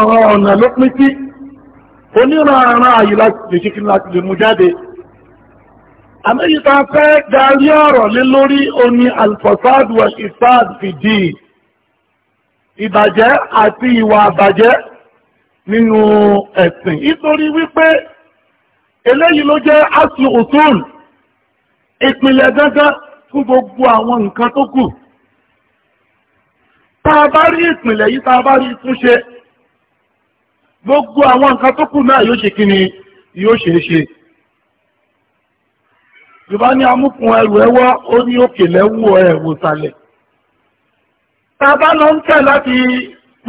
àwọn ọ̀nà ló pín sí oníranran àyè láti lè ṣe kí láti lè mú jáde àmẹ́yíta fẹ́ darí ọ̀rọ̀ lé lórí oní alfasadu wa ifad fìdí ìbàjẹ́ àti ìwà àbàjẹ́ nínú ẹ̀sìn nítorí wípé eléyìí ló jẹ́ aslu usul ìpìlẹ̀ gángan fún gbogbo àwọn nǹkan tó kù tá a bá rí ìpìlẹ̀ yìí tá a bá rí túnṣe gbogbo àwọn nǹkan tó kù náà yóò ṣe kí ni yóò ṣe é ṣe yorùbá ní amúkun ẹrù ẹwọ́ ó ní òkè lẹ́wù ẹ̀wò sàlẹ̀ tá a bá lọ ń tẹ̀ láti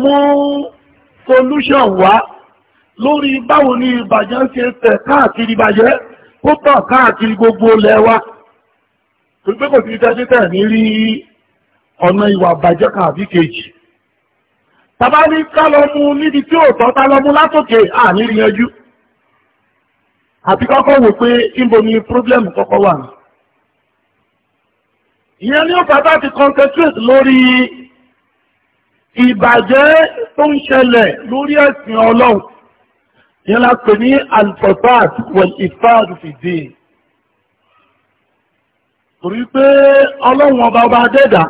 mú solution wá lórí báwo ni ìbàjẹ́ ń ṣe tẹ̀ káàkiri ìbàjẹ́ kó tàn káàkiri gbogbo lẹ́wà torí pé kò sí tẹ́tí tẹ̀ ní rí ọ̀nà ìwà ìbàjẹ́ kan àbí kejì tàbá ní kálọ́mú níbi tí ò tọ́ tálọ́mú látòkè àníri yanjú àti kọ́kọ́ wò pé ìbò ni problem kọ́kọ́ wà ní ìyẹn ní ó fàtà ti concentrate lórí ìbàjẹ́ tó ń ṣẹlẹ̀ lórí ẹ̀sìn ọlọ́run ìyẹn la pè ní alfabad wal ifad torí pé ọlọ́run ọba ọba dẹ́dà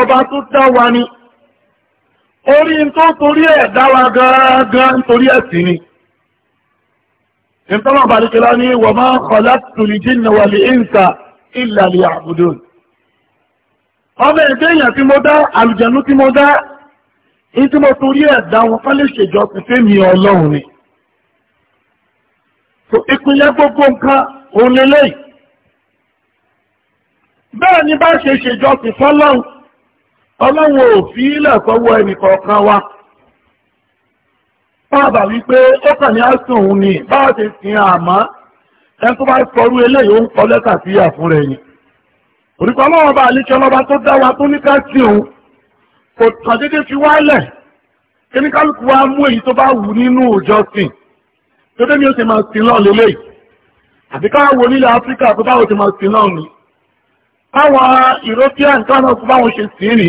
ọba tó dá wa ni orí tó torí ẹ̀ dára gángan torí ẹ̀sìn ni ìtọ́nà bàríkìlá ní wa ma khalaqtul jinna wal insa illa liya'budun ọmọ ẹgbẹ́ èèyàn tí mo dá àlùjànnú tí mo dá in tí mo torí ẹ̀ dá wọn fẹ́ lè ṣèjọ ti mi ọlọ́run ni so ìpínlẹ̀ gbogbo nǹkan òun lélẹ́yìí bẹ́ẹ̀ ni bá ṣe ṣèjọ ti fọ́lọ́run ọlọ́wọ́ òfíìlẹ̀ kọwọ́ ẹnìkọ̀ọ̀kan wa pàbà wípé ó kàn ní àsùn òun ni bá a ṣe sin àmọ́ ẹni tó bá sọrú eléyìí ó ń kọ lẹ́tà sí ìyà rẹ̀ ni òrìkọ ọlọ́wọ́ bá àlejò ọlọ́ba tó dá wa tó ní ká sí òun kò kàn déédéé fi wálẹ̀ kíníkálùkù wa mú èyí tó bá wù nínú ìjọsìn tó dé ní ó ti máa sin lọ́ọ̀ lélẹ́yìí àti káàwò nílẹ̀ Áfíríkà tó báwọn ti máa sin náà ni. Àwọn European káàmọ̀ fún báwọn ṣe sí ni,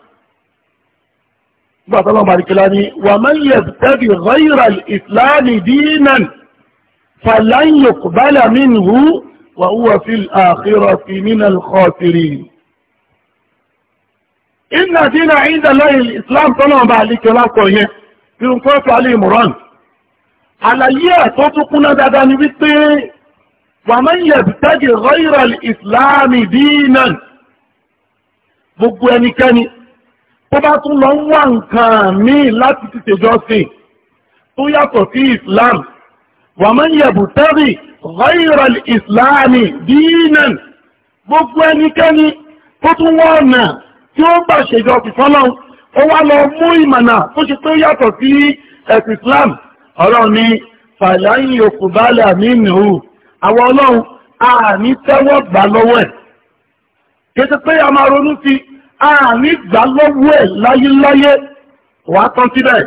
بعد الله بعد كلامي ومن يبتغي غير الإسلام دينا فلن يقبل منه وهو في الآخرة من الخاسرين إن دين عند الله الإسلام طلع بعد كلامه ينقص عليه مران àlàyé ẹ̀tọ́ tó kúnná dáadáa ni wípé wàmán yẹ̀bùtẹ́gì rọ́ìrọ̀lì ìsìláàmì dínà tó bá tún lọ ń wá nǹkan míì láti títẹ̀ jọ́sìn tó yàtọ̀ sí islam wa man yabtaghi ghayra al-islam dinan gbogbo ẹnikẹ́ni tó tún wá ọ̀nà tí ó gbà ṣèjọsìn fọ́lọ́run ó wá lọ mú ìmọ̀nà tó ṣe tó yàtọ̀ sí ẹ̀sìn islam ọ̀rọ̀ ni falan yuqbala minhu àwọn ọlọ́run a ní tẹ́wọ́ gbà lọ́wọ́ ẹ̀ kí pé a máa ronú sí àmì gbà lọ́wọ́ ẹ̀ láyéláyé wà tán síbẹ̀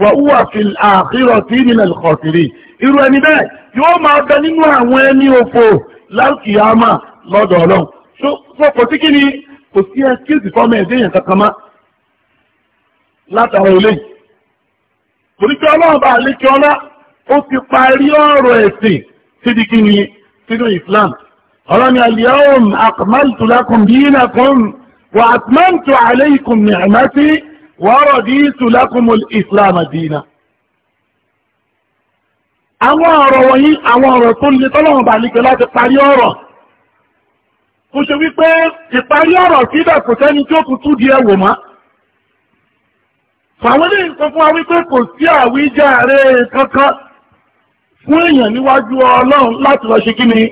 wà wúwà fi àkírọ̀ tí nínú ẹ̀lùkọ̀sìrì irú ẹni bẹ́ẹ̀ yóò máa bẹ nínú àwọn ẹni òfò láìkìyàmà lọ́dọ̀ ọlọ́run so kò sí kí ni kò sí ẹkíìsì fọ́mọ ẹ̀dẹ́ yẹn kankan má látara ilé torí pé ọlọ́run bá lékè ọlá ó ti parí ọ̀rọ̀ ẹ̀sìn síbi kí ni sínú Islam ọlọ́run ni al-yawma akmaltu lakum dinakum وأتممت عليكم نعمتي ورديت لكم الإسلام دينا àwọn ọ̀rọ̀ wọ̀nyí àwọn ọ̀rọ̀ tó lè tọ́lọ́wọ̀n bà nípe láti parí ọ̀rọ̀ kò ṣe wípé ìparí ọ̀rọ̀ síbẹ̀ kò sẹ́ni tí ó kù tún di ẹwò mọ́ fàwọn ilé ìsọ fún wa wípé kò sí àwíjàre kankan fún èèyàn níwájú ọlọ́run láti lọ ṣe kíni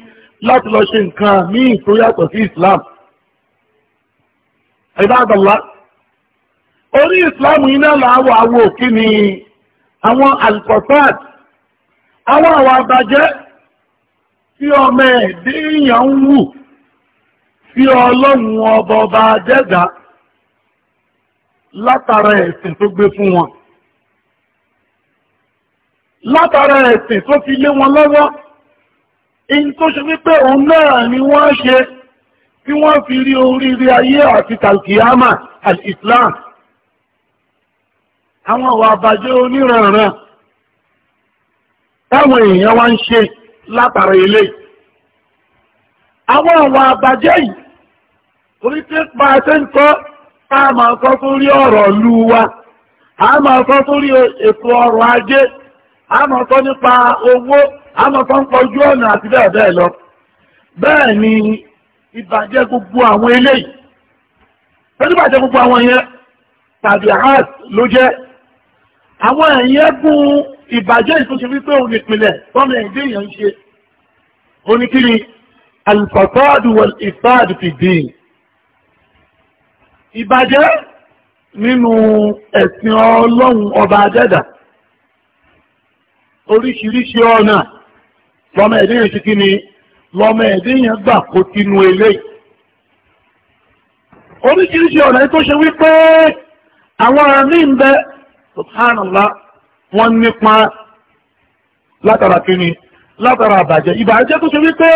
láti lọ ṣe nǹkan míì tó yàtọ̀ sí Islam ìbádọ̀lá orí ìsìláàmù iná làáwọ̀ àwọ̀ òkí ni àwọn alkọ̀tát àwọn àwọn àbàjẹ́ tí ọmọ ẹ̀dẹ́ èèyàn ń wù tí ọlọ́run ọba ọba jẹ́gà látara ẹ̀sìn tó gbé fún wọn látara ẹ̀sìn tó fi lé wọn lọ́wọ́ in tó ṣe wípé òun náà ni wọ́n ṣe tí wọ́n fi rí oríire ayé àti kàlkìyàmà al-islam àwọn àwọn àbàjẹ́ oníranran táwọn èèyàn wá ń ṣe látara ilé àwọn àwọn àbàjẹ́ yìí orí tí pa ń kọ́ a máa kọ́ rí ọ̀rọ̀ ìlú wa a máa kọ́ sórí ètò ọrọ̀ ajé a máa kọ́ nípa owó a máa kọ́ ń pọ̀jú ọ̀nà àti bẹ́ẹ̀ bẹ́ẹ̀ lọ ni ìbàjẹ́ gbogbo àwọn eléyìí pẹ̀lú ìbàjẹ́ gbogbo àwọn yẹn tàbí àhàt ló jẹ́ àwọn ẹ̀yẹ́ gún ìbàjẹ́ ìtúnṣe wípé òun ìpìlẹ̀ tọ́mọ ẹ̀dẹ́ èèyàn ń ṣe oníkiri alifasadu wal ifsadu fi dín ìbàjẹ́ nínú oríṣiríṣi ọ̀nà tọ́mọ ẹ̀dẹ́ èèyàn ṣe kí ni lọ́mọ ẹ̀dínyàn gbà kó tinú eléyìí oríṣiríṣi ọ̀nà tó ṣe wípé àwọn ń bẹ subhanallah wọ́n nípa látara kíni látara àbàjẹ́ ìbàjẹ́ tó ṣe wípé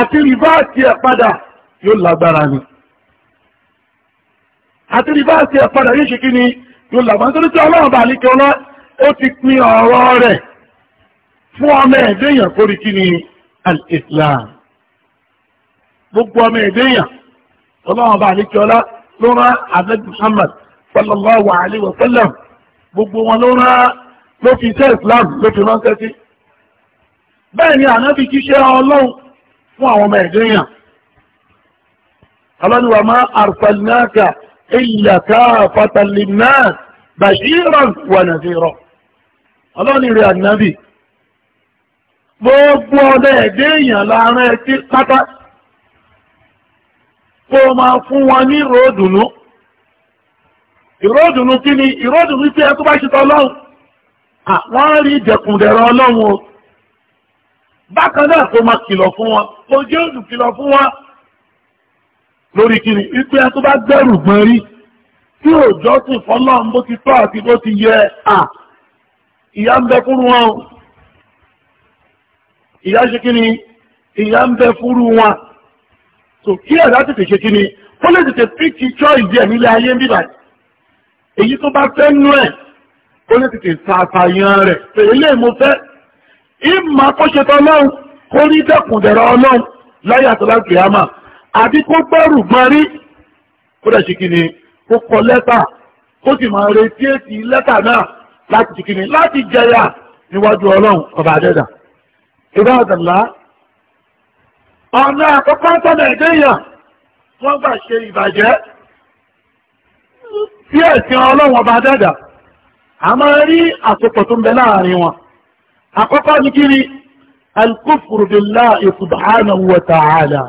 àti rìbá ẹ̀ padà yóò lágbára ni àti rìbá ẹ̀ padà yóò ṣe kíni yóò lágbára nítorí tí ọlọ́run al-islam gbogbo ọmọ ìdíyàn ọlọ́run bá ní kíọ́lá ló rán ahmed muhammad sallallahu alayhi wa sallam gbogbo wọn ló rán ló fi iṣẹ́ islam ló fi ránṣẹ́ sí bẹ́ẹ̀ ni ànábì kí ṣe ọlọ́run fún àwọn ọmọ ìdíyàn ọlọ́run wa ma arsalnaka illa kaafatan linnas bashiran ọlọ́run rẹ̀ ànábì gbogbo ọdẹ ẹ̀dẹ́ èèyàn láàrin ẹtí pátá kó máa fún wọn ní ìròdùnú ìròdùnú kí ni ìròdùnú tí ẹkú bá ṣe tọ́ lọ́hùn àwọn rí ìjẹkùndẹ̀rọ ọlọ́run o bákan náà kó máa kìlọ̀ fún wọn kó jẹ́ òdù kìlọ̀ fún wọn lórí kí ni wípé ẹkú bá gbẹ̀rù gbọ́n rí tí òjọ́ sì fọ́lọ́run bó ti tọ́ àti bó ti yẹ à ìyá ń bẹ fún wọn o ìyá ṣe kí ni ìyá ń bẹ fúrú wọn so kí ẹ̀dá tètè ṣe kí ni ó lè tètè píkì chọ́ ìdí ẹ̀mí ilé ayé ń bíbà èyí tó bá fẹ́ nú ẹ̀ ó lè tètè ṣàṣàyàn rẹ̀ pèlè lè mo fẹ́ ìmọ̀ akọ́ṣetọ́ ọlọ́run kó ní dẹ́kùndẹ̀rọ ọlọ́run láyé àtọ́lá kìámà àbí kó gbẹ́rù gbọ́n rí kó dẹ̀ ṣe kí ni kó kọ lẹ́tà kó sì máa retí èsì lẹ́tà náà láti ṣe kí ni láti jẹyà níwájú ọlọ́run ọba àdẹ́dà ìbáàdàlá ọ̀nà àkọ́kọ́ tó nàìjíríà wọ́n gbà ṣe ìbàjẹ́ tí ẹ̀sìn ọlọ́wọ̀n bá dẹ́dà a máa rí àsopọ̀ tó ń bẹ láàrin wọn àkọ́kọ́ ní kí ni alkufru billahi subhanahu wa ta'ala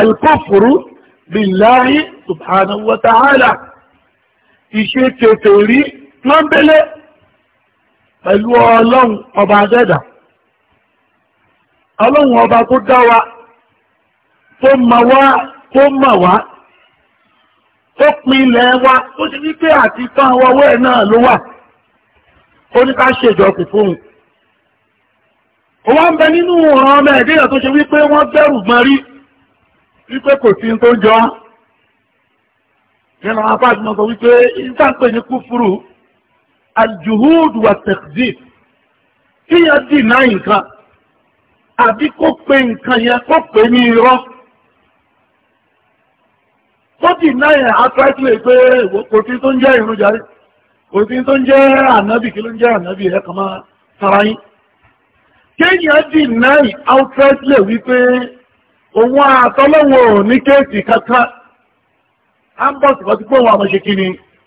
alkufru lọ́nbẹ̀lẹ́ pẹ̀lú ọlọ́run ọba adẹ́dà ọlọ́run ọba tó dá wa tó ma wá tó mọ̀ wá tó pinlẹ̀ wa tó ti wípé àti tán ẹ̀ náà ló wà ó ní ká ṣèjọsìn fún un wọ́n bẹ nínú ọ̀ràn ọmọ ẹ̀dẹ́yà tó ṣe wípé wọ́n bẹ̀rù gbọ́n rí wípé kò sí tó jọ nínú apá wípé ní aljuhud wa tẹ̀síf kí yẹn dì náà nǹkan àbí kó pe nǹkan yẹn kó pe ní irọ́ tó dì náà yẹn atrakílẹ̀ pé kò sí tó ń jẹ́ ìrun jàre kò sí tó ń jẹ́ ànábì kí ló ń jẹ́ ànábì ẹ̀ kàn máa tara yín kéèyàn dì náà outrightly wípé òun àtọ́lọ́wọ̀ ní kéèsì kankan ambos kọ́ ti pé òun àmọ́ ṣe kí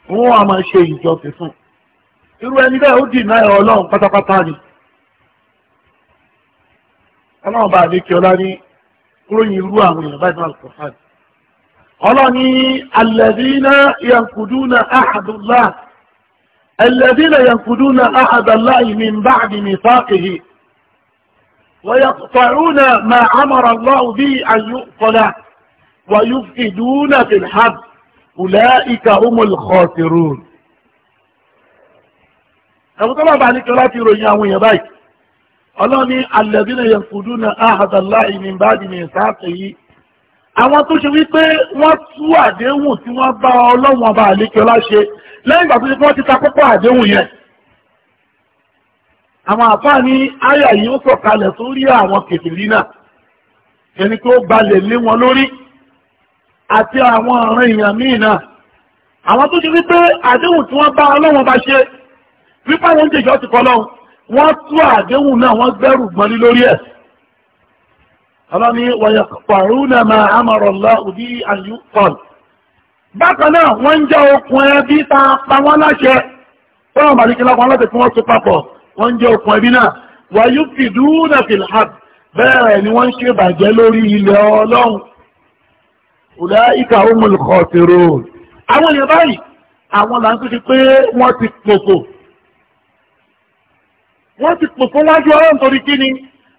òun àmọ́ ṣe ìjọ fẹ́ irú ẹni bẹ́ẹ̀ ó dì náà ọlọ́run pátápátá ni ọlọ́run bá àlékè ọlá ní kúròyìn irú àwọn èèyàn báyìí náà kò fáàdì ọlọ́run ní alladhina yankuduna ahadullah alladhina yankuduna ahadallahi min ba'di mithaqihi ويقطعون ما أمر الله به أن يؤصل ويفسدون في الحرب أولئك هم الخاسرون ẹ̀wọ́n tó bá bá ní kí ọlá fi ròyìn àwọn èèyàn báyìí ọlọ́ni alẹ́bínà yẹn fùdú na ahàdàlá ìní bá di ní ìsáàkì yìí àwọn tó ṣe wípé wọ́n tú àdéhùn tí wọ́n bá ọlọ́wọ́n bá àlékè ọlá ṣe lẹ́yìn ìgbà tó ṣe wọ́n ti ta kókó àdéhùn yẹn àwọn àfáà ní àyà yìí ó sọ̀kalẹ̀ tó rí àwọn kèfìrí náà ẹni tó balẹ̀ lé wọn lórí àti àwọn ọ̀ràn èèyàn náà àwọn tó ṣe wípé àdéhùn tí wọ́n bá ọlọ́wọ́n bá ṣe wípé àwọn oúnjẹ ìjọ ti kọ́ lọ́hùn wọ́n tú àdéhùn náà wọ́n gbẹ́rù gbọ́n ní lórí ẹ̀. ọlọ́ni wọ̀nyẹ pàrọ̀ náà máa amọ̀rọ̀ lọ òbí àyù pọ̀l. bákan náà wọ́n ń jẹ́ okùn ẹbí ta pa wọ́n láṣẹ fọ́nà màdìkínlá kan láti fún wọn tó papọ̀ wọ́n ń jẹ́ okùn ẹbí náà wàyú fìdúnà fìlhàb bẹ́ẹ̀ ni wọ́n ń ṣe bàjẹ́ lórí ilẹ̀ ọlọ́run ọ̀dá ìkà wọ́n ti pò fún wájú ọ̀rọ̀ nítorí kí ni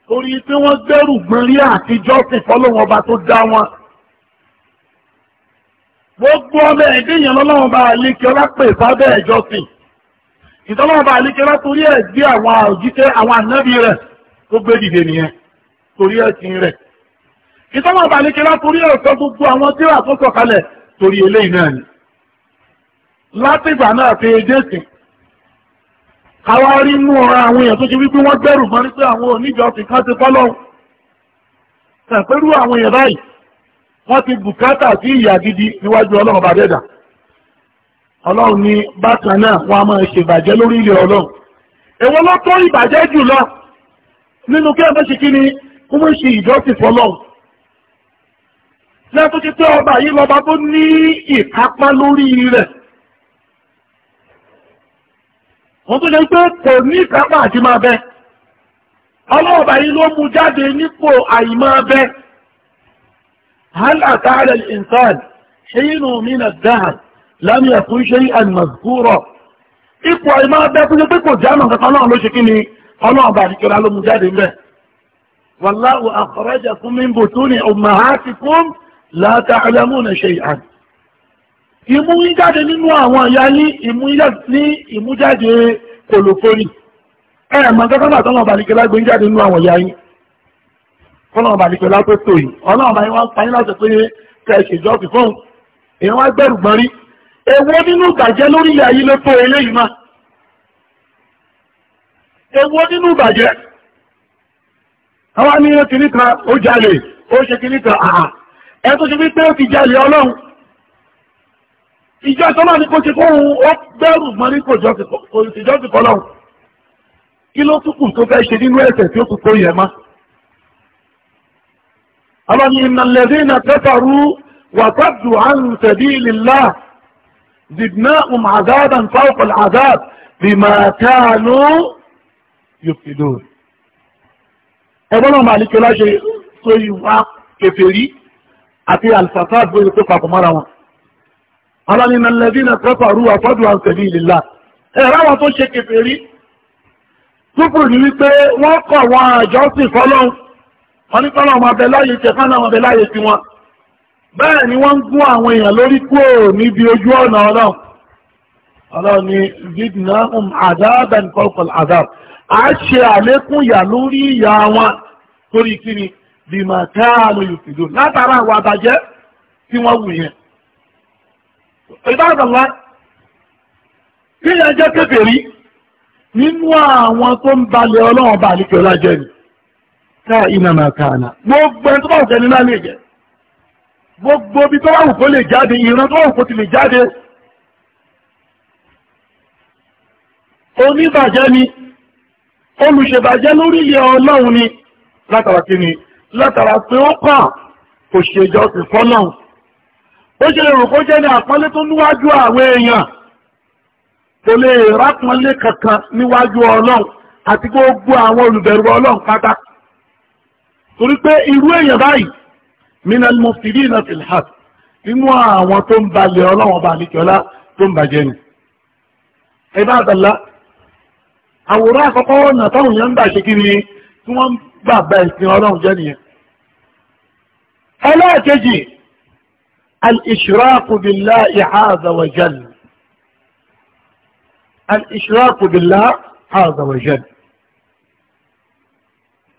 torí pé wọ́n gbẹ́rù gbọ́nrí àtijọ́ sì fọ́lọ́wọ́n ọba tó dá wọn. gbogbo ọmọ ẹ̀dẹ́ èèyàn lọ́lọ́wọ́n bá àlékè ọlá pè sábẹ́ ẹ̀jọ́ sìn. ìtọ́lọ́wọ́n bá àlékè ọlá torí ẹ̀ gbé àwọn òjíṣẹ́ àwọn ànábì rẹ̀ tó gbé dìde nìyẹn torí ẹ̀sìn rẹ̀. ìtọ́lọ́wọ́n bá àlékè ọlá torí ẹ̀ sọ gbogbo àwọn tíra tó sọ̀kalẹ̀ torí eléyìí náà ni. látìgbà náà fi edé sìn káwá rí mú ọ̀rọ̀ àwọn èèyàn tó ṣe wípé wọ́n gbẹ̀rù mọ́ ní pé àwọn oníjọ́sìn ká ti fọ́lọ́hùn tẹ̀pẹ́rú àwọn èèyàn báyìí wọ́n ti bùkátà sí ìyà gidi níwájú ọlọ́run bá dẹ́dà ọlọ́run ní bákan náà wọ́n a máa ṣe ìbàjẹ́ lórí ilẹ̀ ọlọ́run èwo ló tó ìbàjẹ́ jù lọ nínú kí ẹgbẹ́ ṣe kí ni kó mọ̀ ṣe ìjọ́sìn fọ́lọ́hùn lẹ́tọ́ ti tẹ́ ọba yìí lọ́ba tó ní ìkápá lórí rẹ̀ wọ́n tó lè pé kò ní ìkápá àti máa bẹ́ ọlọ́ọ̀bà yìí ló mú jáde nípò àìmáa bẹ́ hal àtàrẹ ìǹsàn ṣe inú mi nà dáhà lámì ẹ̀kún ṣe àìmọ̀sùkúrọ̀ ipò àìmáa bẹ́ tó lè pé kò jáàmù kankan náà ló ṣe kí ni ọlọ́ọ̀bà àdìkẹ́ra ló mú jáde mbẹ́ wàláwù akhrajakum min butuni ummahatikum la ta'lamuna shay'an ìmú jáde nínú àwọn ìyá ní ìmú ní ìmú jáde kòlòfórì ẹ̀ẹ̀mọ̀ gọ́gọ́nà tọ́lọ̀ ọ̀bàlìkẹ́lá gbé jáde nínú àwọn ìyá yìí tọ́lọ̀ ọ̀bàlìkẹ́lá tó tò yìí ọlọ́run bá yín wá pa yín láti pé kẹ́ẹ̀kì jọ fi fóun èèyàn wá gbẹ̀rù gbọ́n rí èwo nínú ìbàjẹ́ lórí ilẹ̀ ayé ló tó eléyìí náà èwo nínú ìbàjẹ́ àwọn ní ó ti níta ó jalè ó ṣe kí níta àhà ẹ tó ṣe wípé ó ti jalè ọlọ́run ìjọ ìtọ́lá ní kó ṣe kó ohun ó bẹ̀rù mọ́ ní kò ìjọ ti kọ́ lọ́hùn kí ló tún kù tó fẹ́ ṣe nínú ẹ̀ṣẹ̀ tí ó tún kó yẹ má. Allah ni innal ladhina kafaru wa saddu an sabilillah zidnahum adhaban fawqa al-adhab bima kanu yufsidun. ẹgbọ́n náà màálí kí ọlá ṣe so ìwà kèfèrí àti alfasad bóyá tó papọ̀ mọ́ra wọn alánina lẹ́dínà kọ́pàrú àfọ́dù àǹsẹ̀bí ìlìlá ẹ̀ráwà tó ṣe kèfèrí túpù ní wípé wọ́n kọ̀ wọn àjọsìn fọ́lọ́hun wọn ní fọ́lọ́hun máa bẹ láyé tẹ̀fọ́nà wọn bẹ láyé tí wọn bẹ́ẹ̀ ni wọ́n ń gún àwọn èèyàn lórí kúrò níbi ojú ọ̀nà ọlọ́run ọlọ́run ni zidna um adaban kọ́kọ́l adab a ṣe àlékún ìyà lórí ìyà wọn torí kíni bímọ káàlù yòkìdó látara àwọn àbàjẹ́ tí wọ́n wù yẹn ìbáraẹ̀lá kí ẹ jẹ́ kèfèrí nínú àwọn tó ń balẹ̀ ọlọ́run bá àlejò ọlájẹ́ ni káà iná máa kàànà gbogbo ẹni tó bá wùkẹ́ nínú alẹ́ jẹ́ gbogbo bí tó bá wùkó lè jáde ìran tó bá wùkó ti lè jáde oníbàjẹ́ ni olùṣèbàjẹ́ lórí ilẹ̀ ọlọ́run ni látara kí ni látara pé ó kàn kò ṣèjọ́ sí fọ́lọ́run bó ṣe rò kó jẹ́ ní àpọ́nlé tó níwájú àwọn èèyàn kò lè rápọ́nlé kankan níwájú ọlọ́run àti gbogbo àwọn olùbẹ̀rù ọlọ́run pátá torí pé irú èèyàn báyìí minal mufsidina fil haq nínú àwọn tó ń balẹ̀ ọlọ́run ọba àlejòlá tó ń bàjẹ́ ni ẹ bá àdàlá àwòrán àkọ́kọ́ ọ̀nà táwọn èèyàn ń gbà ṣe kí ni tí wọ́n ń gbà bá ìsìn ọlọ́run jẹ́ nìyẹn ẹlẹ́ẹ̀kejì الاشراق بالله عز وجل الاشراق بالله عز وجل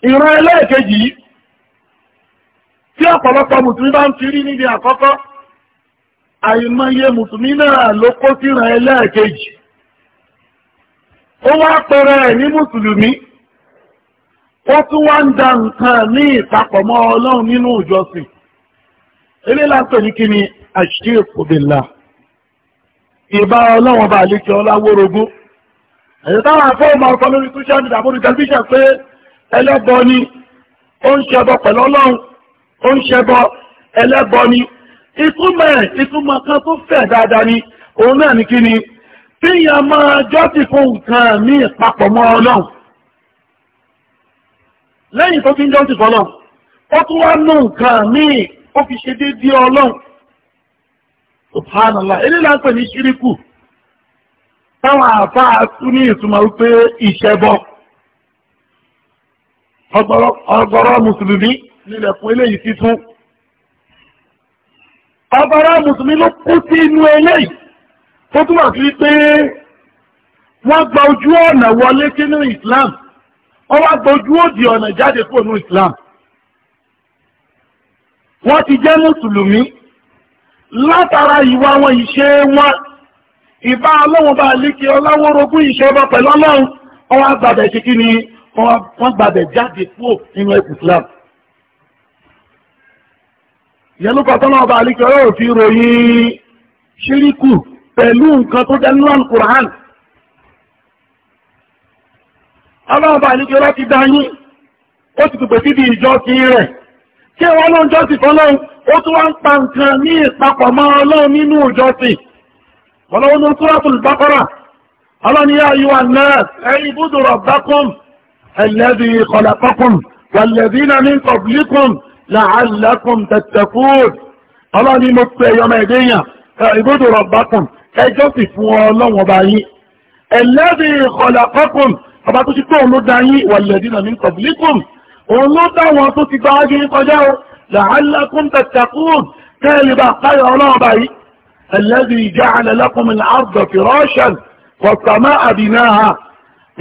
ارى لا تجي في اطلاق مطمئنة ان تريني بي اقفا اي ما هي مطمئنة لقوت ارى لا تجي هو اطراني مسلمي وتوان دانتاني تقمع الله من وجوسي ilé láńpẹ̀ ní kí ni àṣírìkù billah ìbá ọlọ́wọ́n bá lè jẹ ọláwórogún ẹ̀yẹ táwọn afọ́ọ̀mọ ọkọ lórí social media àbórí tẹlifíṣàn pé ẹlẹ́bọ ni ó ń ṣẹbọ pẹ̀lú ọlọ́run ó ń ṣẹbọ ẹlẹ́bọ ni ìtumọ̀ ẹ̀ ìtumọ̀ kan tó fẹ̀ dáadáa ni òun náà ní kí ni tíyàn máa jọ́sìn fún nǹkan ní ìpapọ̀ mọ́ ọlọ́run lẹ́yìn tó ti ń jọ́sìn fọlọ́run ó tún wá nù nǹkan míì ó fi ṣe déédéé ọlọ́run subhanallah eléyìí là ń pè ní ṣíríkù táwọn àáfàá tún ní ìtumọ̀ wípé ìṣẹ́bọ ọ̀gọ̀rọ̀ mùsùlùmí nílẹ̀ fún eléyìí títún ọ̀gọ̀rọ̀ mùsùlùmí ló kú sí inú eléyìí tó túmọ̀ sí pé wọ́n gba ojú ọ̀nà wọlé sínú Islam wọ́n wá gba ojú òdì ọ̀nà jáde kúrò ní Islam wọ́n ti jẹ́ mùsùlùmí látara ìwà wọn ìṣe wọn ìbá ọlọ́wọ́n bá lékè ọláwọ́rogún ìṣe ọba pẹ̀lú ọlọ́run wọ́n wá gbàbẹ̀ ṣe kí ni wọ́n gbàbẹ̀ jáde kúrò nínú ẹkùn Islam ìyẹnú kan tọ́lọ́ ọba àlékè ọlọ́run fi ròyìn ṣíríkù pẹ̀lú nǹkan tó jẹ́ nínú alukur'an ọlọ́run ọba àlékè ọlọ́run ti dá yín ó ti pèpè síbi ìjọ sí rẹ̀ kí wọ́n ló ń jọ́sìn fọ́lọ́run ó tún wá ń pa nǹkan ní ìpapọ̀ mọ́ ọlọ́run nínú ìjọsìn ọlọ́run ló Suratul Baqara ọlọ́run yá ayú an-nas i'budu rabbakum alladhi ọlọ́run ni mo pe ẹyọmọ ẹ̀dẹ́yàn i'budu fún ọlọ́run ọba yín alladhi khalaqakum ọba tó ti tó òun ló dá yín walladhina min òun ló dáwọn tó ti gba ágbé kọjá o la'allakum tattaqun kẹ́lì bá káyọ̀ ọlọ́ọ̀bá yìí alladhi ja'ala lakum al-arda firashan was-samaa'a binaa'a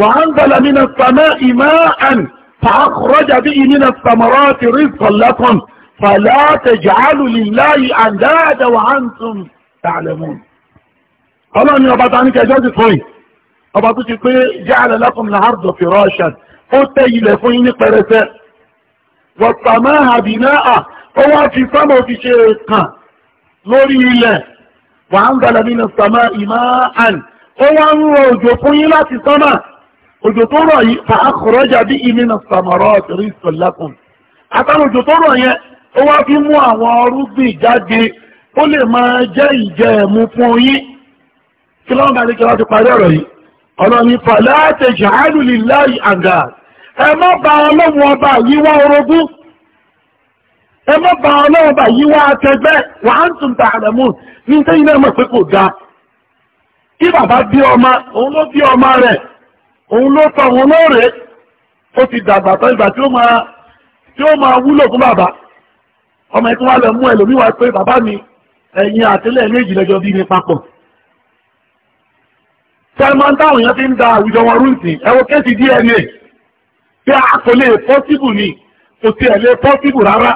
wa anzala mina as-samaa'i maa'an fa'akhraja bihi mina ath-thamarati rizqan lakum fala taj'alu lillahi andada wa antum ta'lamun ọlọ́ni ọba ta ní kẹjọ́ ti fún yìí ọba tó ti pé ja'ala lakum al-arda firashan ó tẹ́ ilẹ̀ fún yín ní pẹrẹsẹ wọ̀tàmọ́ àbínáà ó wá fi sọ́mọ̀ fi ṣe kàn lórí ilẹ̀ wà ń gbẹ̀lẹ̀ nínú sọ́mọ̀ ìmáàn ó wá ń rọ òjò fún yín láti sọ́mọ̀ òjò tó rọ̀ yìí fa àkọ̀rọ̀jà bí ìmìnà sàmọ̀rọ̀ tìrí ìsọ̀lẹ́kùn àtàrà òjò tó rọ̀ yẹn ó wá fi mú àwọn ọrúgbìn jáde ó lè máa jẹ́ ìjẹ ẹ̀mú fún yín kí lọ́nà bá ní kí wọ́n ti parí ọ̀rọ̀ yìí ọ̀rọ̀ ní fàlẹ́ àtẹ̀jẹ̀ àìlùlíláì àgàd ẹ ọba yìí wá orogún ọba yìí akẹgbẹ́ wà tún ta ní sẹ́yìn náà mọ̀ pé kò ga kí bàbá bí ọmọ òun ló bí ọmọ rẹ òun ló tọ òun lóòrè ó ti dàgbà tán ìgbà tí ó máa tí ó máa wúlò fún bàbá ọmọ lọ mú ẹlòmíwá pé bàbá mi méjì bí mi táwọn fi ń da àwùjọ wọn rúùtì ẹwọ DNA pé àkọlé pọ́síbù ni kò tiẹ̀ lé pọ́síbù rárá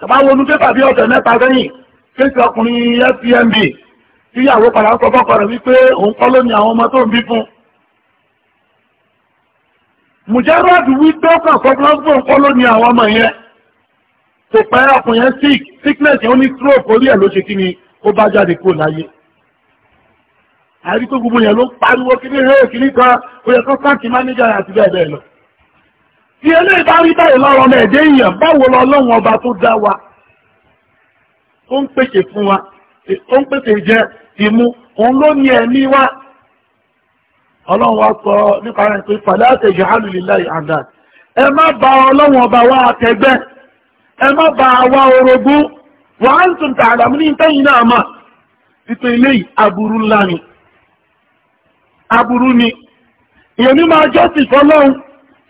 tàbá wọnú pépà bí ọ̀sẹ̀ mẹ́ta sẹ́yìn fèsì ọkùnrin fpmb tíyàwó padà sọ fọ́kọ rẹ̀ wípé òun kọ́ ló ní àwọn ọmọ tó ń bí fún mùjẹ́rọ́dù wípé ó kàn sọ fún òun kọ́ ló ní àwọn ọmọ yẹn kò pẹ́ ọkùnrin yẹn sick sickness yẹn ó ní stroke orí ẹ̀ ló ṣe kí ni ó bá jáde kúrò láyé àríkó gbogbo yẹn ló pariwo kí ní hẹ́ẹ̀ kí ní kan ó yẹ kọ́ káàkiri mánéjà àti bẹ́ẹ̀ bẹ́ẹ̀ lọ bí eléyìí bá báyìí lọ́rọ̀ ọmọ ẹ̀dẹ́ èèyàn báwo ọba tó dá wa ó ń pèsè fún wa ó ń pèsè jẹ ìmú òun ló ní ẹ̀mí wa ọlọ́run wa sọ nípa rẹ̀ pé fàlẹ́ àtẹ̀jọ́ àlùlílá àdá ẹ má ba ọba wa àtẹgbẹ́ ẹ má ba àwa orogún wà á ń tún àdàmú ní ìtẹ́yìn náà mà títí eléyìí aburú ńlá ni aburú ni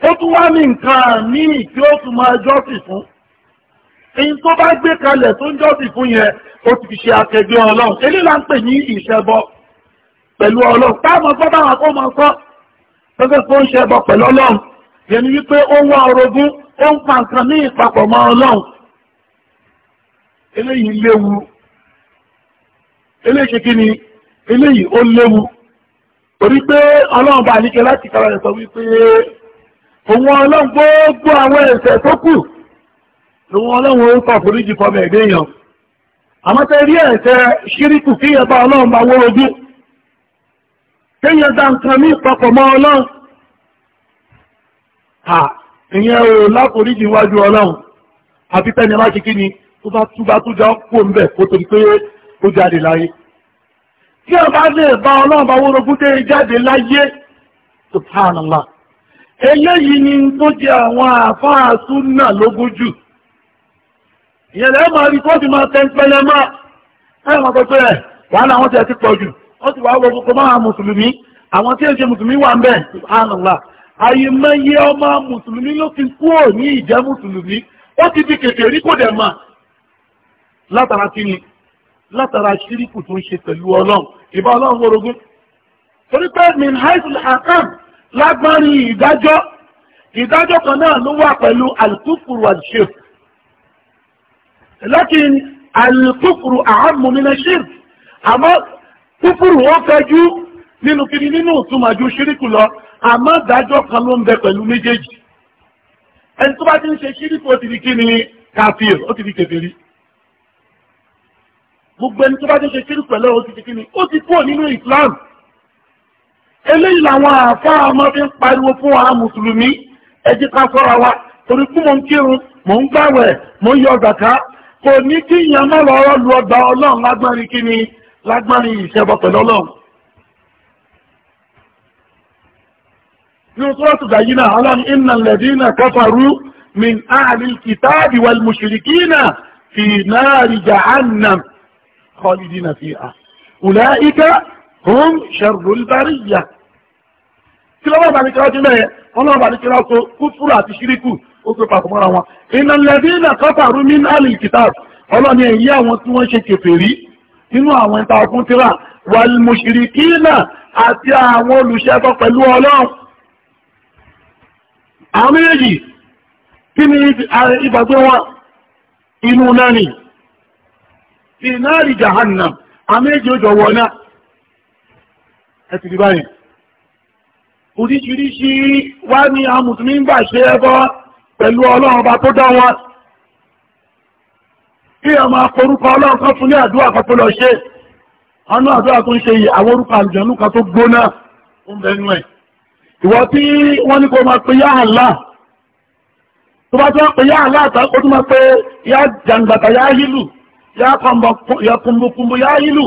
ó tún wá ní nǹkan míì tí ó tún máa jọ́sìn fún èyí tó bá gbé kalẹ̀ tó ń jọ́sìn fún yẹn ó ti fi ṣe akẹgbẹ́ ọlọ́run eléyìí là ń pè ní ìṣẹbọ pẹ̀lú ọlọ́run táwọn gbọ́ báwọn kó máa sọ pẹ́pẹ́ tó ń ṣẹbọ pẹ̀lú ọlọ́run yẹn ni wípé ó wá orogún ó ń pa nǹkan ní ìpapọ̀ mọ́ ọlọ́run eléyìí léwu eléyìí kí ni eléyìí ó léwu torí pé ọlọ́run bá níkẹ́ láti kára rẹ̀ sọ wípé òun ọlọ́run gbogbo àwọn ẹ̀ṣẹ̀ tó kù lòun ọlọ́run orúkọ foríjì fọmọ ẹ̀gbẹ́ èèyàn àmọ́ tẹ́ rí ẹ̀ṣẹ̀ ṣíríkù kí ẹ̀bá ọlọ́run bá wóró ojú kéèyàn dá nǹkan ní ìpapọ̀ mọ́ ọlọ́run ìyẹn ò láforíjì wájú ọlọ́run àti tẹ́ni láti kí ni tó bá túbá tó já kó ń bẹ̀ kó torí pé ó jáde láyé kí ọba lè bá ọlọ́run bá wóró ojú dé jáde láyé subhanallah eléyìí ni tó jẹ àwọn àfáà súnà lógún jù ìyẹ̀lẹ́ máa rí tó ti máa tẹ́ pẹ́lẹ́ máa ẹ̀wọ̀n pẹ́ pẹ́ wàhálà wọn tẹ́ ti pọ̀ jù wọ́n ti wá wọ gbogbo máa mùsùlùmí àwọn tí èṣe mùsùlùmí wà ọmọ mùsùlùmí ló ní ìjẹ́ mùsùlùmí ó ti kèké rí kò dẹ̀ mà látara kí ni látara tó ń lágbárí ìdájọ́ ìdájọ́ kan náà ló wà pẹ̀lú alkufuru alshirk lakin alkufuru ahammu min ashirk àmọ́ kúfùrù ó fẹjú nínú kiri nínú ìtumàjú ṣíríkù lọ àmọ́ ìdájọ́ kan ló ń bẹ pẹ̀lú méjèèjì ẹni tó bá ti ń ṣe ṣíríkù ó ti di kí ni kàfíìr ó ti di kèfèrí gbogbo ẹni tó bá ti ń ṣe ṣíríkù pẹ̀lú ó ti di kí ni ó ti kúrò nínú ìsìláàmù eléyìí làwọn àfá ọmọ bí ń pariwo fún wa mùsùlùmí ẹ jẹ́ ká ṣọ́ra wa torí kú mò ń kírun mò ń gbàwẹ̀ mò ń yọ zàká kò ní kí ìyàn má lọ́rọ́ lu ọgbà ọlọ́run lágbárin kí ni lágbárin ìṣẹ́bọ pẹ̀lú ọlọ́run. nínú sọ́rọ́tù dàyí náà ọlọ́run iná lẹ́dí náà kafaru min ahli kìtáàbì wal mushrikina fi nari jahannam khalidina fiha. ulaika هم sharrul bariyya kí lọ́wọ́ bá ní kíra jẹ́ mẹ́rẹ̀ ọlọ́wọ́ bá ní kíra so kúfúrú àti ṣíríkù ó pè papọ̀ mọ́ra wọn iná lẹ́bí ìlà kafaru min alì kìtà ọlọ́ni èyí àwọn tí wọ́n ṣe kèfèrí nínú àwọn ìta ọkùn tíra wal mushrikina àti àwọn olùṣẹ́bọ pẹ̀lú ọlọ́run àwọn méjì kí ni ìgbàgbé wọn inú náà ni ìnáàrí jahannam àmì èjì ó jọ wọ náà ẹ ti di báyìí oríṣiríṣi wá ní àwọn mùsùlùmí ń gbà ṣe ẹbọ pẹ̀lú ọlọ́run ọba tó dá wọn kí ọmọ akorúkọ ọlọ́run kan fún ní àdúrà kan tó lọ ṣe ọ̀nà àdúrà tó ń ṣe yìí àwọn orúkọ àlùjọ̀nú kan tó gbóná ń bẹnu ẹ̀ ìwọ tí wọ́n ní kó máa pe yá àlá tó bá tó pe yá àlá àtàkó tó máa pe yá jàǹgbàtà yá hílù yá kọ̀m̀bọ̀kùnbọ̀ yá hílù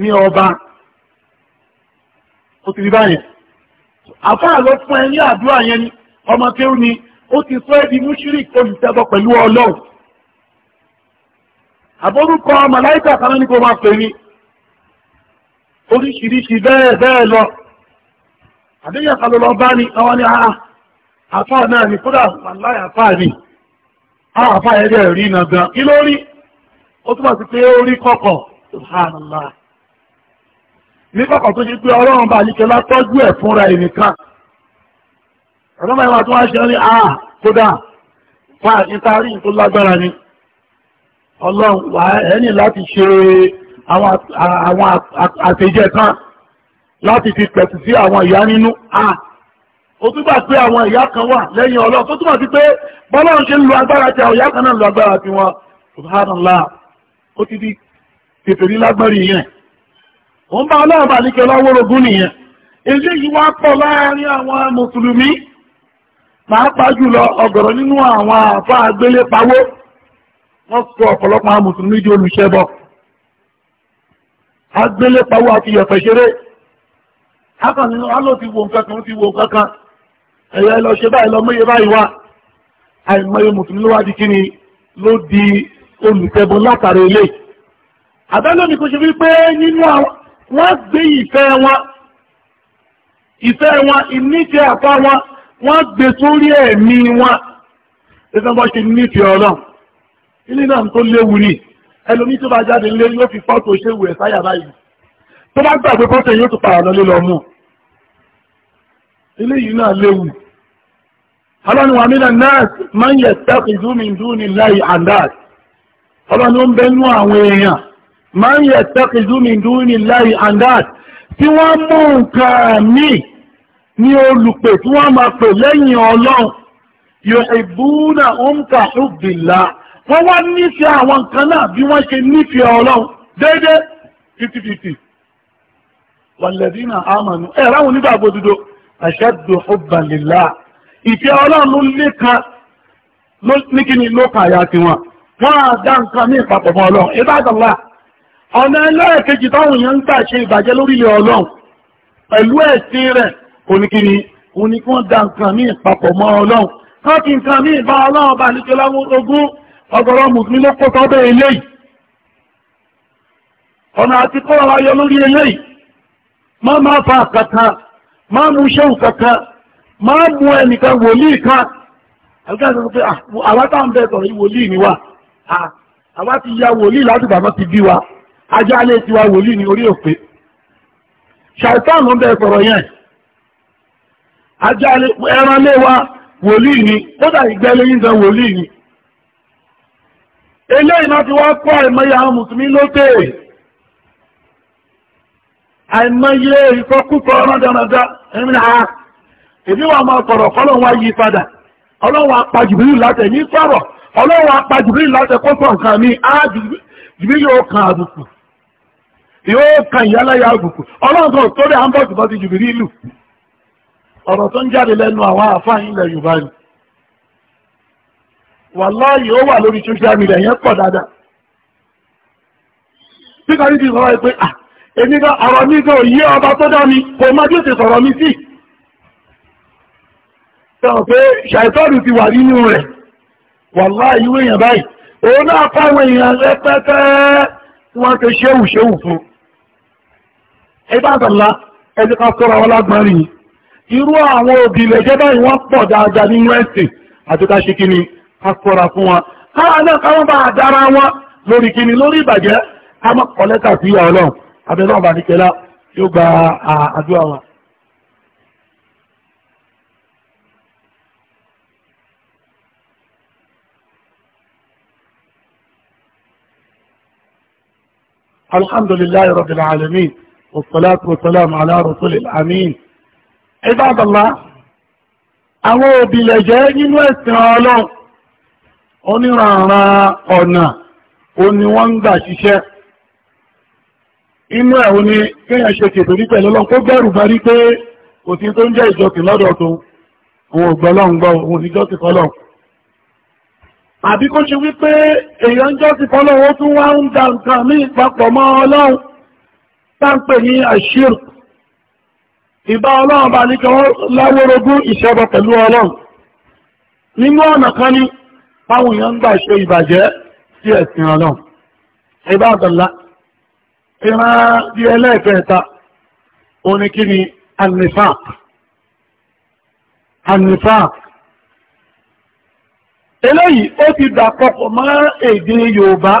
ní ọba o ti rí báyẹn àfáà ló fún ẹni àdúrà yẹn ni ọmọ tí ó ní ó ti sọ di mushrik pẹ̀lú ọlọ́run àbórúkọ màláìkà kanáà ní kó máa pè ní oríṣiríṣi bẹ́ẹ̀ bẹ́ẹ̀ lọ àdéyàn ló lọ bá ní àwọn ní àá ah, àfáà náà ní kódà màláì àfáà ní àwọn àfáà nàgbà kí ó túmọ̀ nígbàkan tó ṣe pé ọlọ́run bá àlíkẹ́ látọ́jú ẹ̀ fúnra ẹnìkan ọlọ́mọ ìwà tó wá ṣe ní à ah, kódà fà ìtarí tó lágbára ni ọlọ́run wà ẹni láti ṣe àwọn àtẹ̀jẹ́ kan láti fi pẹ̀tù sí àwọn ìyá nínú à ó túbà pé àwọn ìyá kan wà lẹ́yìn ọlọ́run tó túmọ̀ sí pé bọ́lọ́run ṣe ń lo agbára tí àwọn ìyá kan náà lo agbára tiwọn subhanallah ó ti di tètè ní lágbárí yẹn ó ń bá ọlọ́run bá níkẹ́ lọ́wọ́rogún nìyẹn ilé yìí wá pọ̀ láàrin àwọn mùsùlùmí pàápàá jùlọ ọgọ̀rọ̀ nínú àwọn àfá agbélé pawó wọ́n sọ ọ̀pọ̀lọpọ̀ àwọn mùsùlùmí di olùṣẹbọ agbélé pawó àti ti wo nǹkan kan ti wo nǹkan kan ẹ̀yà ẹ lọ ṣe báyìí lọ mọ́yé báyìí wá àìmọye mùsùlùmí ló wá di kíni di látàrí ilé kò ṣe nínú àwọn wọ́n gbé ìfẹ́ wọn ìfẹ́ wọn ìnífẹ́ àpá wọn wọ́n gbé sórí ẹ̀mí wọn ẹgbẹ́ bọ́ ṣe nífẹ́ ọlọ́run ilé náà tó léwu ni ẹlòmí tó bá jáde lé yóò fi fọ́tò ṣéwù ẹ̀ sáyà báyìí tó bá gbàgbé fọ́tò yóò tó pààrọ̀ lé lọ mú ilé yìí náà léwu ọlọ́run wa mílẹ̀ náà máa ń yẹ̀ tẹ́kì zoomin dúró ní láì àndáàt ọlọ́run ó ń bẹ́nu àwọn èèyàn máa ń yẹ tẹ́kìzúmi dúnni láì andat tí wọ́n mú nǹkan mí ní olùpè tí wọ́n máa pè lẹ́yìn ọlọ́run yóò ìbúnà òǹkà òbìlà wọ́n wá nífẹ̀ẹ́ àwọn nǹkan náà bí wọ́n ṣe nífẹ̀ẹ́ ọlọ́run déédé 50-50 wàlẹ̀dínà àmànù ẹ̀rá wọn nígbà gbódúdó ashaddu hubban lillah ìfẹ́ ọlọ́run léka ní kíni ló kàyà tiwọn wọ́n á dá nǹkan ní ìpapọ̀ mọ́ ọlọ́run ìbádọ́lá ọ̀nà ẹlẹ́ẹ̀kejì táwọn èèyàn ń gbà ṣe ìbàjẹ́ lórílẹ̀ ọlọ́run pẹ̀lú ẹ̀sìn rẹ̀ oníkíní òun da nǹkan míì papọ̀ mọ́ ọlọ́run káàkì nǹkan míì bá ọlọ́run bá níjọ ogún ọgọ́rọ̀ mùsùlùmí ló kó sọ́dọ̀ eléyìí ọ̀nà àti kọ́ lórí eléyìí má má fa kankan má mú kankan má mú ẹnìkan wòlíì kan pé àwọn táwọn sọ̀rọ̀ yìí wòlíì ni wà àwọn ti ya wòlíì ti bí wa ajá ti wa wòlíì ní orí òpé ṣàìtánù bẹ́ẹ̀ sọ̀rọ̀ yẹn ajá ẹran lé wa ní kódà ìgbẹ́ lẹ́yìn gan ní eléyìí náà ti wá pọ̀ àìmọye mùsùlùmí lóde àìmọye ìkọkúkọ ọ̀rán dáradára ẹ̀mí máa sọ̀rọ̀ yí padà ọlọ́wọ́ ní sọ̀rọ̀ ọlọ́wọ́ kó nǹkan mi á jùbírí kan àbùkù yóò ka iyalaya àbùkù ọlọ́run kan tó rí hamburg bá ti jùbìrí ìlú ọ̀rọ̀ tó ń jáde lẹ́nu àwọn àfáàyìn ilẹ̀ yorùbá ni wàláyé ó wà lórí social media yẹn pọ̀ dáadáa ti pé à ah, èmi ọ̀rọ̀ ọba tó dá mi kò má tètè sọ̀rọ̀ mi sí sọ pé ṣàìtọ́rù ti wà nínú rẹ̀ wàláyé ìwé báyìí òun náà èèyàn rẹpẹtẹ ti ìbádàlá ẹni ká sọ́ra wọn a irú àwọn òbí ilẹ̀ ìjọba pọ̀ dáadáa nínú ẹ̀sìn àti ká ṣe kí ni ká sọ́ra fún wọn káwọn náà káwọn bá dára wọn lórí kí ni lórí ìbàjẹ́ ká má kọ́ sí ìyá ọlọ́run abẹ́rẹ́ ọ̀bà yóò gba àdúrà wọn. والصلاة والسلام على رسول الأمين عباد الله àwọn òbílẹ̀jẹ́ nínú ẹ̀sìn ọlọ́run oníranran ọ̀nà o ni wọ́n ń gbà ṣiṣẹ́ inú ẹ̀ o ni kéèyàn ṣe kètò ní pẹ̀lú ọlọ́run kó bẹ̀rù bá rí pé kò sí tó ń jẹ́ ìjọsìn lọ́dọ̀ tó òun ògbọ́lọ́run gbọ́ òun ní jọ́sìn fọ́lọ́run àbí kó ṣe wípé èèyàn jọ́sìn fọ́lọ́run ó tún wá ń da nǹkan ní ìpapọ̀ mọ́ ọlọ́run táǹpẹ̀ ní àṣír ìbá ọlọ́run bá ní kan láwọ́rogún ìṣẹ́bọ pẹ̀lú ọlọ́run nínú ọ̀nà kan ní báwọn èèyàn ń gbà ṣe ìbàjẹ́ sí ẹ̀sìn ọlọ́run ìbá àdọ̀lá ìran bí ẹlẹ́ẹ̀kẹta oníkíni annifaq annifaq eléyìí ó ti dàpọ̀pọ̀ mọ́ èdè yorùbá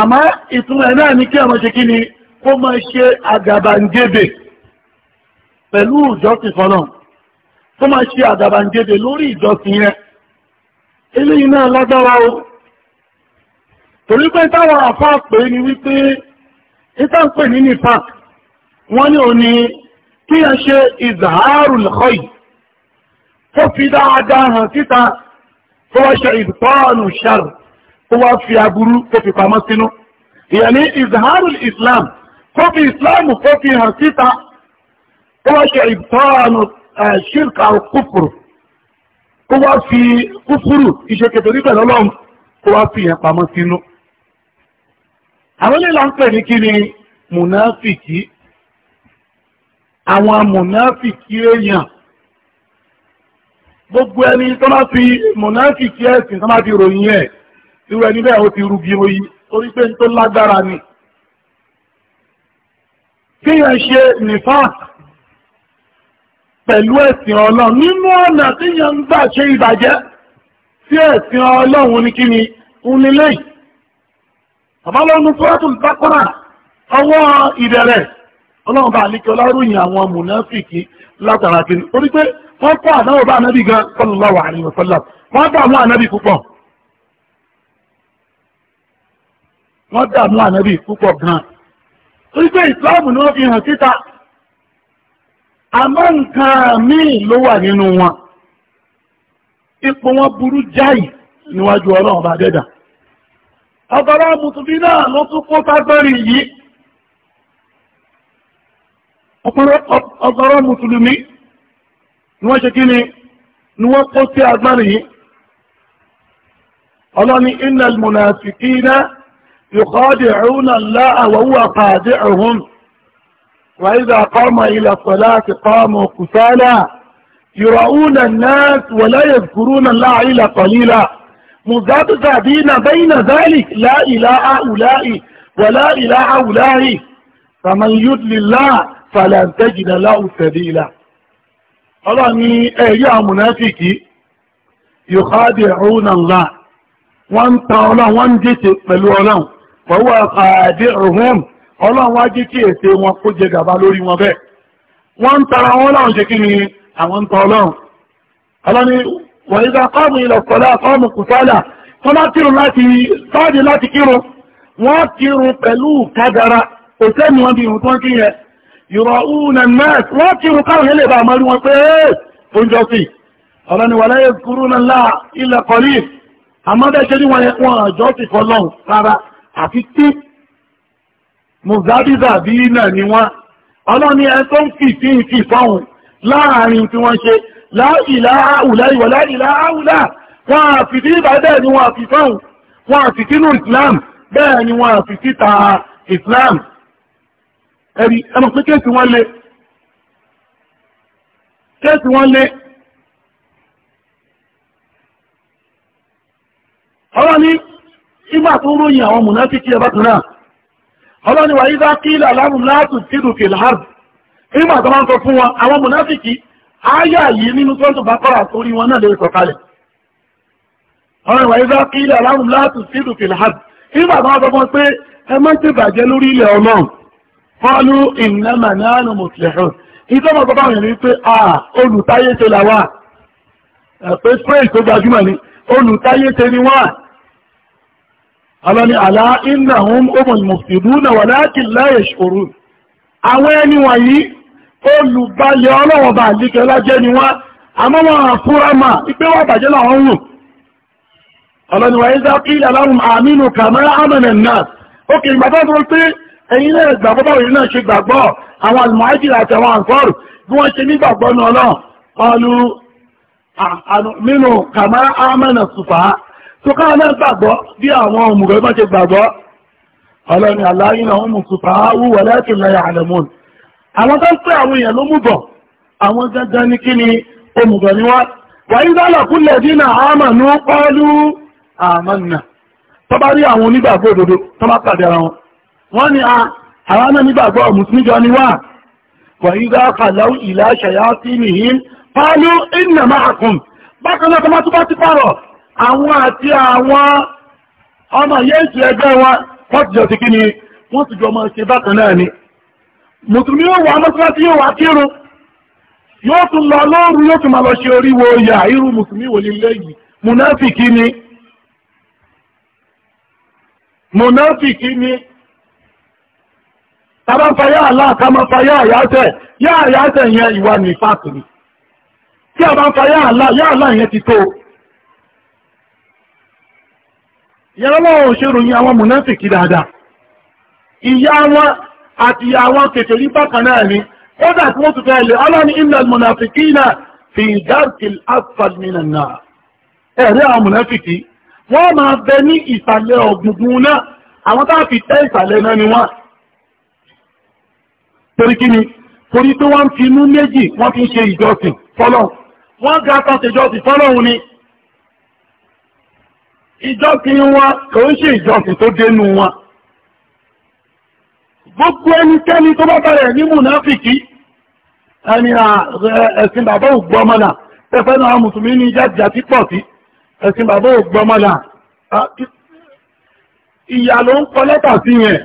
àmọ́ ìtumọ̀ náà ní kí ọmọ ṣe kí ni kó mọ́ ṣe àgàbàǹgebè pẹ̀lú ìjọsìn fọ́nà kó mọ́ ṣe àgàbàǹgebè lórí ìjọsìn yẹn eléyìí náà lágbára o torí pé táwọn àfá pè ní wípé ìtànpè ní nípa wọ́n ní òní kí a ṣe ìzàárù lọ́yì tó fi dáadáa hàn síta tó wá ṣe ìbùtọ́ọ̀nù ṣàrù kó wá fi aburú kó fi pamọ́ sínú ìyẹn ní izharul islam kó fi islam kó fi hàn síta kó wá ṣe ìtọ́nù ṣírkà kúfùrù kó wá fi kúfùrù ìṣe kẹtẹrí pẹ̀lú ọlọ́run kó wá fi yẹn pamọ́ sínú. àwọn ilé ìlànà ní kí ni mùnáfìkì àwọn mùnáfìkì èèyàn gbogbo ẹni tó bá fi mùnáfìkì ẹ̀sìn tó bá fi ròyìn ẹ̀ irú ẹni bẹ́ẹ̀ ó ti rugi oyi torí pé tó lágbára ni kíyàn ṣe nìfàs pẹ̀lú ẹ̀sìn ọlọ́run nínú ọ̀nà kíyàn ń gbà ṣe ìbàjẹ́ sí ẹ̀sìn ọlọ́run ní kíni onílé àbálọ́nu fúrátùn bákọ́rà ọwọ́ ìbẹ̀rẹ̀ ọlọ́run bá ní kí ọlọ́rùn àwọn mùnáfìkì látara kiri torí pé wọ́n kọ́ àdáwọ̀ bá anábì gan sallallahu alaihi wasallam wọ́n bá àwọn anábì púpọ̀ wọ́n dààmú ànábì púpọ̀ gan-an torí ìsìláàmù ni wọ́n fi hàn síta àmọ́ nǹkan míì ló wà nínú wọn ipò wọn burú jáì níwájú ọlọ́run bá dẹ́dà ọgbọ́rọ̀ mùsùlùmí náà ló tún kó ságbẹ́rì yìí mùsùlùmí ni wọ́n ṣe kí ni ni wọ́n kó yìí ọlọ́ni يخادعون الله وهو خادعهم وإذا قام إلى الصلاة قاموا كسالى يراؤون الناس ولا يذكرون الله إلا قليلا مذبذبين بين ذلك لا إلى هؤلاء ولا إلى هؤلاء فمن يدل الله فلن تجد له سبيلا الله ني أيها منافقي يخادعون الله وانت الله وانجت بلو fọwọ́ àdé ọ̀hún ọlọ́run wá jí kí ète wọn kó jẹ gàba lórí wọn bẹ́ẹ̀ wọ́n ń tara wọn láwọn ṣe kí ni àwọn ń tọ ọlọ́run ọlọ́ni wọ̀n ìgbà kọ́ọ̀mù ilẹ̀ kọ́lá kọ́ọ̀mù kùsálà tó kírun láti kírun wọ́n kírun pẹ̀lú àti tí mùsàbíbàbí náà ni wọ́n ọlọ́ni ẹ tó ń fi sí ìfì fọ́hùn láàrin tí wọ́n ṣe láìlá àwùlá ìwọ̀ láìlá àwùlá wọ́n àfi tí ìbàdẹ́ ni wọ́n àfi fọ́hùn ẹ̀rí ẹmọ pé kéèsì wọ́n lé kéèsì wọ́n lé ọlọ́ni nígbà tó ròyìn àwọn mùnáfíkì ẹbákan náà ọlọ́ni wà yíká kí ilẹ̀ aláàrùn látù tìdù fìlhárù nígbà tó máa ń sọ fún wọn àwọn mùnáfíkì áyà yìí nínú tọ́ntù bá kọ́ra sórí wọn náà lè sọ̀kalẹ̀ ọlọ́ni wà yíká sọ fún wọn ṣe ni olùtáyé ọlọ́ni àlá innahum humul mufsiduna walakin la yash'urun àwọn ẹni wọ̀nyí olùbalẹ̀ ọlọ́wọ̀ bá àlíkẹ́ lájẹ́ ni wọ́n àmọ́ wọn fúra mà ipé wọ́n bàjẹ́ láwọn wù ọlọ́ni wa idha qila lahum aminu kama amana an-nas ókè ìgbàgbọ́ tó pé ẹ̀yin náà gbàgbọ́ báwo yìí náà ṣe gbàgbọ́ almuhajir àti àwọn àǹfọ́rù bí wọ́n ṣe ní gbàgbọ́ náà náà qalu àmínú ah, amana as tó káwọn náà gbàgbọ́ bí àwọn òmùgbẹ́ bá ṣe gbàgbọ́ ọlọ́ni aláyínà wọn mú sùpà áwú wà láti lẹ́yà àlẹ́mùn àwọn tó ń pẹ́ àwọn èèyàn ló mú bọ̀ àwọn gangan ní kí ni òmùgbẹ́ ni wá wàyí dálà kúnlẹ̀ dínà àmànú pọ́lú àmànà tó bá rí àwọn onígbàgbọ́ òdodo tó àwọn àti àwọn ọmọ yéèsì ẹgbẹ́ wọn wọ́n ti kí ni wọ́n ti jọ máa ṣe bákan náà ni mùsùlùmí yóò wà mọ́síláṣí yóò wà kírù yóò tún lọ lóòrù yóò tún máa lọ ṣe oríwo ìyà irú mùsùlùmí wò nílé yìí ni ni tàbá yá yẹn ìwà tí a bá yá yẹn ti tó ìyàlọ́wọ́ òṣèròyìn àwọn mùnáfìkì dáadáa ìyá wọn àti àwọn kèfèrí bákan náà ni ó dà tí wọ́n ti fẹ́ ilẹ̀ ọlọ́ni inna al-munafiqina fi darkil asfal minan nar ẹ̀rí àwọn mùnáfìkì wọ́n máa bẹ ní ìsàlẹ̀ ọ̀gbùngbùn náà àwọn tá fi tẹ́ ìsàlẹ̀ náà ni wọ́n torí kí ni torí wọ́n ìjọsìn wọn kò ń ṣe ìjọsìn tó dénú wọn gbogbo ẹnikẹ́ni tó bá bẹ̀rẹ̀ ní mùnáfìkì ẹni ẹ̀sìn bàbá ògbọ́mọ́nà pẹ́fẹ́ náà mùsùlùmí ní jájá tí pọ̀ sí ẹ̀sìn bàbá ògbọ́mọ́nà ìyà ló ń kọ lẹ́tà sí yẹn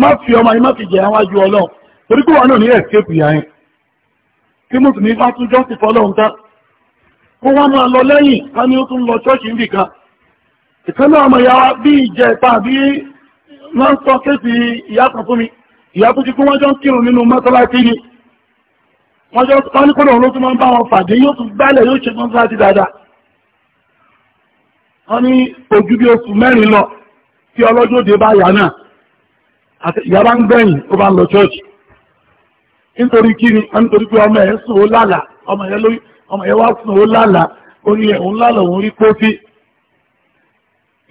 má fi ọmọ yìí má fi jẹ àwájú ọlọ́run torí kí wọn náà ní ẹ̀skéèpù kó wọ́n máa ní ó ìkánná ọmọ ìyàwó bí ìjẹ ìpa àbí wọ́n sọ kéèsì ìyá kan fún mi ìyá tó ti kú wọ́n jọ ń kírun nínú mọ́sálásí ni wọ́n jọ wọ́n ní kódà olóòtú máa ń bá wọn fàdé yóò tún gbálẹ̀ yóò ṣe mọ́sálásí dáadáa wọ́n ní ojú bí oṣù mẹ́rin lọ tí ọlọ́jọ́ òde bá yà náà ìyá bá ń gbẹ̀yìn ó bá ń lọ chọ́ọ̀chì nítorí kí ni wọ́n nítorí pé ọmọ ẹ̀ sùn ó lálàá ọmọ ẹ̀ wá sùn ó lálàá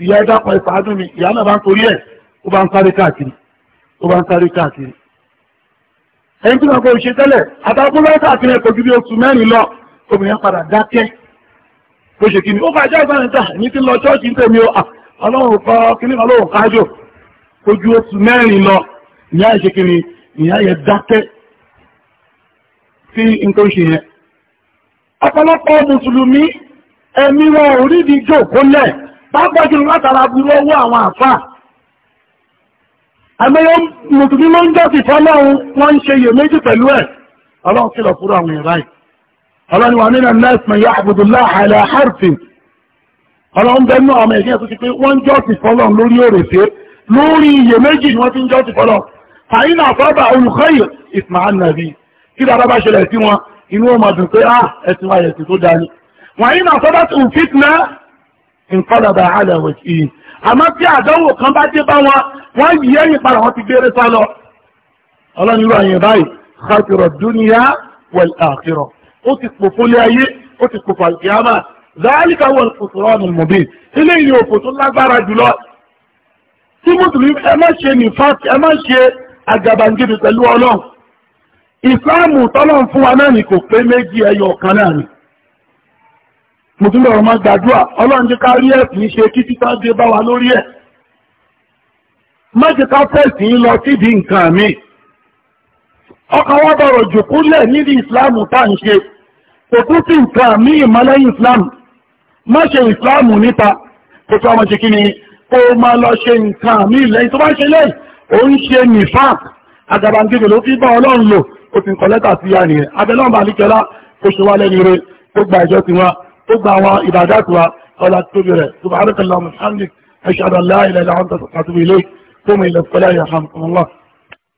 ìyá ẹ̀dá pa ìpàdún mi ìyá náà bá ń torí ẹ̀ ó bá ń sáré káàkiri ó bá ń sáré káàkiri. ẹni tí wọn kò ṣe tẹ́lẹ̀ àtàkùn lọ́wọ́ káàkiri ẹ̀kọ́ gidi oṣù mẹ́rin lọ obìnrin padà dákẹ́ bó ṣe kíni ó bá jẹ́ ta ní ti lọ ṣọ́ọ̀ṣì tèmi o ọlọ́run kọ́ kíní ọlọ́run kájò ojú oṣù mẹ́rin lọ ìyá pápá jùlọ látara burú owó àwọn àfà àmẹ́yọ́ mùsùlùmí ló ń jọ́sìn fọ́lọ́run wọ́n ń ṣe iye méjì pẹ̀lú ẹ̀ ọlọ́run kìlọ̀ fúrú àwọn ìrà yìí ọlọ́run wà nínú ẹ̀mẹ́sìn yà àbùdùlá àlẹ́ harfin ọlọ́run bẹ́ẹ̀ náà ọmọ ẹ̀gẹ́ tó ti pé wọ́n ń jọ́sìn fọ́lọ́run lórí òrèsé lórí iye méjì ni wọ́n ti ń jọ́sìn fọ́lọ́run ìkọlọ̀bà àlẹ̀wò sí i àmọ́ tí àdánwò kan bá dé bá wọn wọ́n yí ẹ̀yìn padà wọ́n ti gbére sá lọ ọlọ́nirú àyìn báyìí khasira dúníyà wal akhirah ó ti pòfó lé ayé ó ti pòfó àlùkìyàmà zalika wal khusranul mubin ilé ìní òfò tó lágbára jùlọ tí mùsùlùmí ẹ má ṣe nìfàt ẹ má ṣe àgàbàǹgẹ̀dẹ̀ pẹ̀lú ọlọ́run ìsìláàmù tọ́lọ́run fún wa náà ní kò pé méjì ẹyọ kan náà ni mo tún lọ́rọ̀ máa gbàdúrà ọlọ́run jẹ́ ká rí ẹ̀sìn ṣe kí títà dé bá wa lórí ẹ̀ má jẹ́ ká lọ síbi nǹkan mi ọkàn wa bọ̀rọ̀ jòkúlẹ̀ níbi ìsìláàmù tá ń ṣe kò sí nǹkan mi ìmọ́lẹ́yìn ìsìláàmù má ṣe ìsìláàmù níta kò tó ọmọ ṣe kí ni kó máa lọ ṣe nǹkan mi lẹ́yìn tó bá ṣe lẹ́yìn ó ń ṣe nìfàk àgàbàǹgẹ̀gẹ̀ ló fi bá ọlọ́run lò ó ti ń kọ̀lẹ́tà sí ya nìyẹn abẹ́lọ́mà níkẹ́lá kó ṣe wá lẹ́nu rẹ̀ tó gba ìjọ tiwọn تضعوا عباداتها ولا تبره سبحانك اللهم الحمدك أشهد أن لا إله إلا أنت سبحانك إليك ثم إلى الصلاة يا الله